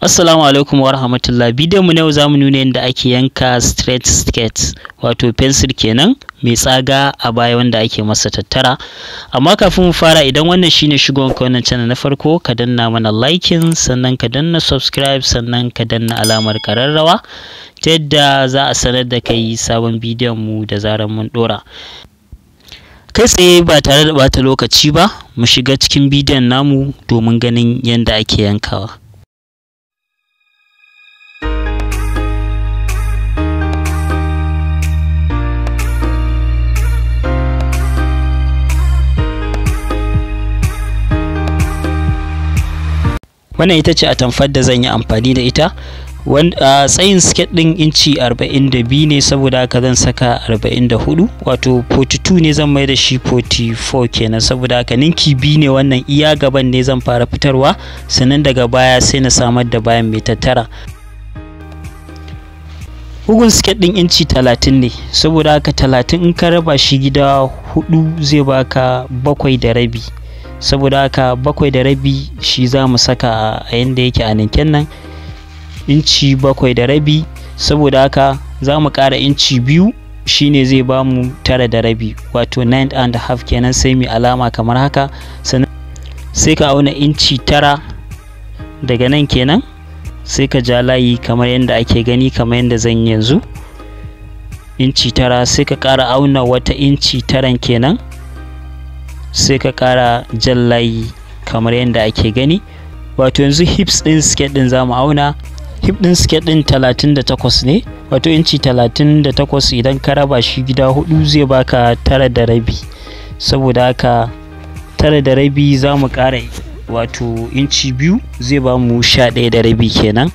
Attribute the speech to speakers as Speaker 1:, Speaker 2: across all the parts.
Speaker 1: Assalamu alaikum wa rahmatullah. Bidiyon mu na yau zamu nuna yadda ake yanka straight skirt, wato pencil kenan mai tsaga a baya wanda ake masa tattara. Amma kafin mu fara idan wannan shine shigon ka wannan channel na farko, ka danna mana liking, sannan ka danna subscribe, sannan ka danna alamar kararrawa ta yadda za a sanar da kai sabon bidiyon mu da zarar mun dora. Kai tsaye ba tare da bata lokaci ba, mu shiga cikin bidiyon namu domin ganin yadda ake yankawa. wannan ita ce a tamfar da zan yi amfani da ita tsayin siket ɗin inci 42 ne saboda haka zan saka 44 wato 42 ne zan mai da shi 44 kenan saboda haka ninki bi ne wannan iya gaban ne zan fara fitarwa sannan daga baya sai na samar da bayan mai tattara bugun siket ɗin inci 30 ne saboda haka 30 in ka raba shi gida 4 zai baka 7 da rabi saboda haka bakwai da rabi shi za mu saka a yadda yake a ninken nan inci bakwai da rabi saboda haka za mu ƙara inci biyu shine zai ba mu tara da rabi wato 9 and half kenan sai mai alama kamar haka sai ka auna inci tara daga nan kenan sai ka ja layi kamar yadda ake gani kamar yadda zan yanzu inci tara sai ka ƙara auna wata inci taran kenan sai ka kara jan layi kamar yadda ake gani wato yanzu hips ɗin skirt ɗin zamu auna hip ɗin skirt ɗin 38 ne wato inci 38 idan ka raba shi gida hudu zai baka tara da rabi saboda haka tara da rabi za mu wato inci biyu zai bamu mu sha ɗaya da rabi kenan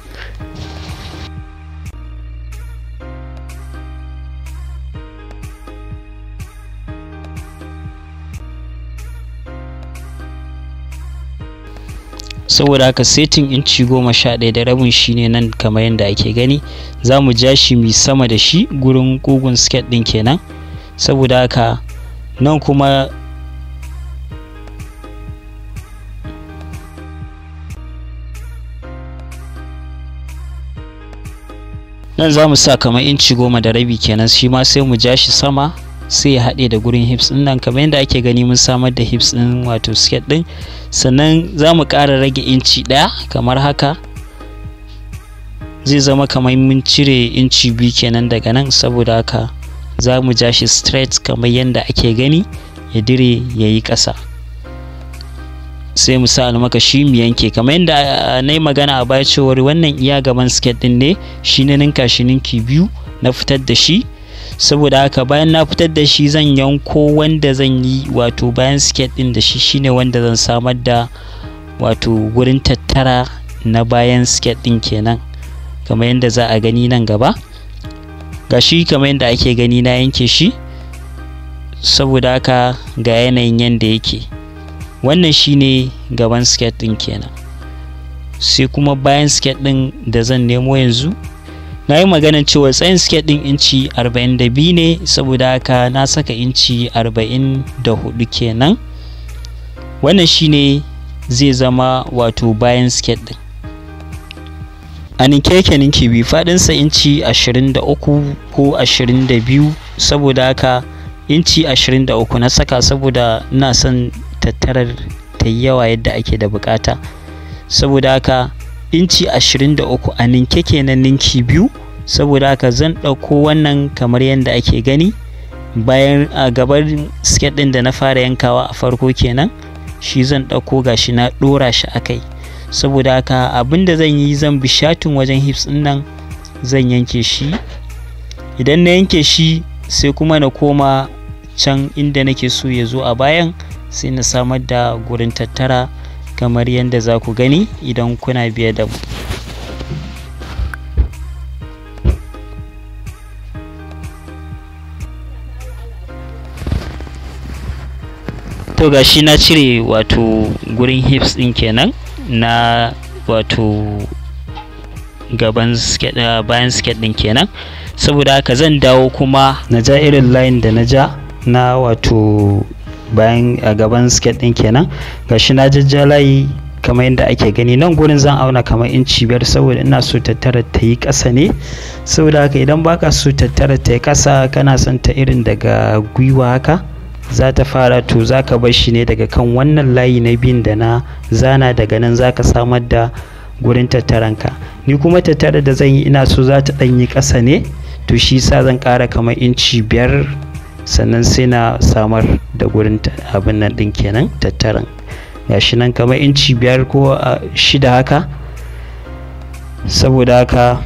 Speaker 1: saboda haka setting inci goma sha ɗaya da rabin shi ne nan kamar yadda ake gani za mu ja shi mai sama da shi gurin ƙugun skirt ɗin kenan saboda haka nan kuma nan za mu sa kamar inci goma da rabi kenan shi ma sai mu ja shi sama sai ya haɗe da gurin hips ɗin nan kamar yadda ake gani mun samar da hips ɗin wato skirt ɗin sannan za mu ƙara rage inci ɗaya kamar haka zai zama kamar mun cire inci biyu kenan daga nan saboda haka za mu ja shi straight kamar yadda ake gani ya dire ya yi ƙasa sai musa sa almakashi mu yanke kamar yadda ah, na yi magana a baya cewar wannan iya gaban skirt ɗin ne shi na ninka shi ninki biyu na fitar da shi saboda haka bayan na fitar da shi zan yanko wanda zan yi wato bayan siket din da shi shine wanda zan samar da wato gurin tattara na bayan skirt din kenan kamar yadda za a gani nan gaba ga shi kamar yadda ake gani na yanke shi saboda haka ga yanayin yadda yake wannan shine gaban siket din kenan sai kuma bayan siket din da zan nemo yanzu na yi maganin cewa tsayin suke ɗin inci 42 ne saboda haka na saka inci 44 kenan wannan shine zai zama wato bayan siket ɗin a ninkekenin kibi biyu faɗinsa inci 23 ko 22 saboda haka inci 23 na saka saboda na son tattarar ta yawa yadda ake da bukata saboda haka inci uku a ninke kenan ninki biyu saboda haka zan ɗauko wannan kamar yadda ake gani bayan a gabar siket ɗin da na fara yankawa a farko kenan shi zan ɗauko gashi na ɗora shi a kai saboda haka abinda zan yi zan bi shatin wajen hips nan zan yanke shi idan na yanke shi sai kuma na koma can inda nake so ya zo a bayan sai na samar da gurin tattara kamar yadda za ku gani idan kuna biya da mu to gashi na cire wato gurin hips din kenan na wato gaban ah, bayan skirt din kenan saboda haka zan dawo kuma na ja irin line da na ja na wato bayan a gaban siket ɗin kenan gashi na jajja layi kamar yadda ake gani nan gurin zan auna kamar inci biyar saboda ina so tattara ta yi ƙasa ne saboda haka idan baka so tattara ta yi ƙasa kana son ta irin daga gwiwa haka za ta fara to za ka bar shi ne daga kan wannan layi na biyun da na zana daga nan za ka samar da gurin tattaranka ni kuma tattara da zan yi ina so za ta ɗan yi ƙasa ne to shi sa zan ƙara kamar inci biyar sannan sai na samar da gurin abin nan ɗin kenan ya gashi nan kamar inci biyar ko shida haka saboda haka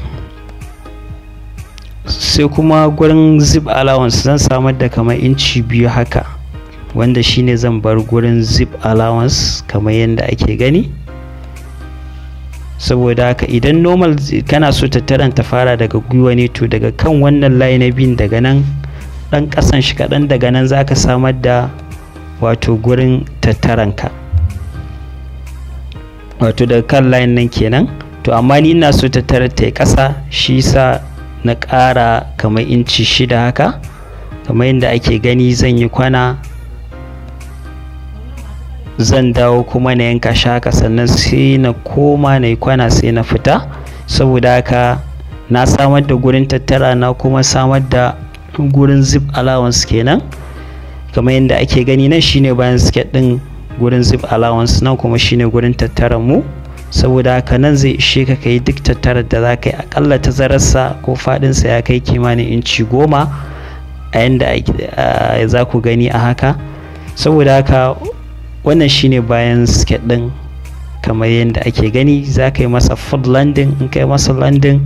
Speaker 1: sai kuma gurin zip allowance zan samar da kamar inci biyu haka wanda shine zan bar gurin zip allowance kamar yadda ake gani saboda haka idan normal kana so tattara ta fara daga gwiwa ne to daga kan wannan layi na biyun daga nan ɗan ƙasan shi kaɗan daga nan za ka samar da wato gurin tattaranka wato daga kan layin nan kenan to amma ni ina so tattara ta yi ƙasa shi sa na ƙara kamar inci shida haka kamar yadda ake gani zan yi kwana zan dawo kuma na yanka shaka sannan sai na koma na yi kwana sai na fita saboda haka na samar da gurin tattara na kuma samar da gurin zip allowance kenan kamar yadda ake gani nan shine bayan siket din gurin zip allowance nan kuma shine gurin tattara mu saboda haka nan zai ishe ka kai duk tattarar da za ka yi akalla tazararsa ko faɗinsa ya kai kimanin inci goma a yadda za ku gani a haka saboda haka wannan shine bayan siket din kamar yadda ake gani za ka yi masa food landing in ka masa landing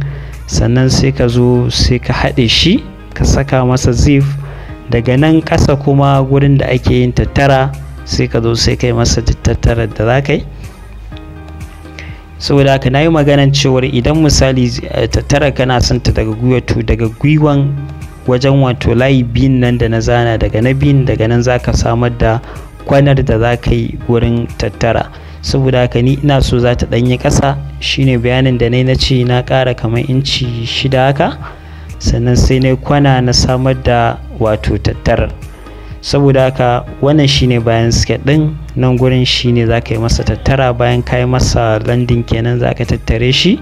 Speaker 1: sannan sai ka zo sai ka haɗe shi ka saka masa zif daga nan ƙasa kuma gurin da ake yin tattara sai ka zo sai kai masa tattara da za ka yi saboda haka na yi maganan cewar idan misali eh, tattara kana son ta daga gwiwatu daga gwiwan wajen wato layi biyun nan da na zana daga na biyun daga nan za ka samar da kwanar da za ka yi wurin tattara saboda haka ni ina so za ta ɗanyi ƙasa shine bayanin da na na ce na ƙara kamar inci shida haka sannan sai na kwana na samar da wato tattarar saboda haka wannan shine bayan suke din nan gurin shine za ka yi masa tattara bayan ka yi masa landin kenan za ka tattare shi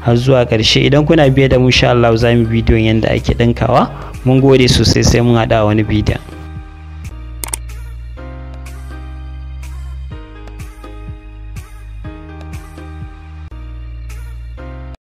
Speaker 1: har zuwa ƙarshe idan kuna biye da mu sha Allah za mu bidiyon yadda ake ɗinkawa mun gode sosai sai mun haɗa wani bidiyon